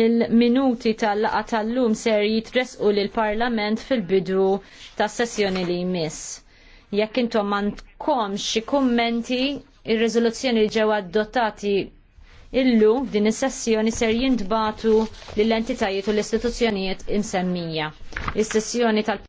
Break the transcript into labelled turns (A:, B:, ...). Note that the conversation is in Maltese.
A: Il-minuti tal-laqa tal-lum ser jitresqu l parlament fil-bidu ta' sessjoni li jmiss. Jekk intom mandkom xi kummenti, ir-riżoluzzjoni li ġew adottati illum f'din is-sessjoni ser jintbatu lill-entitajiet u l-istituzzjonijiet insemmija.
B: Is-sessjoni tal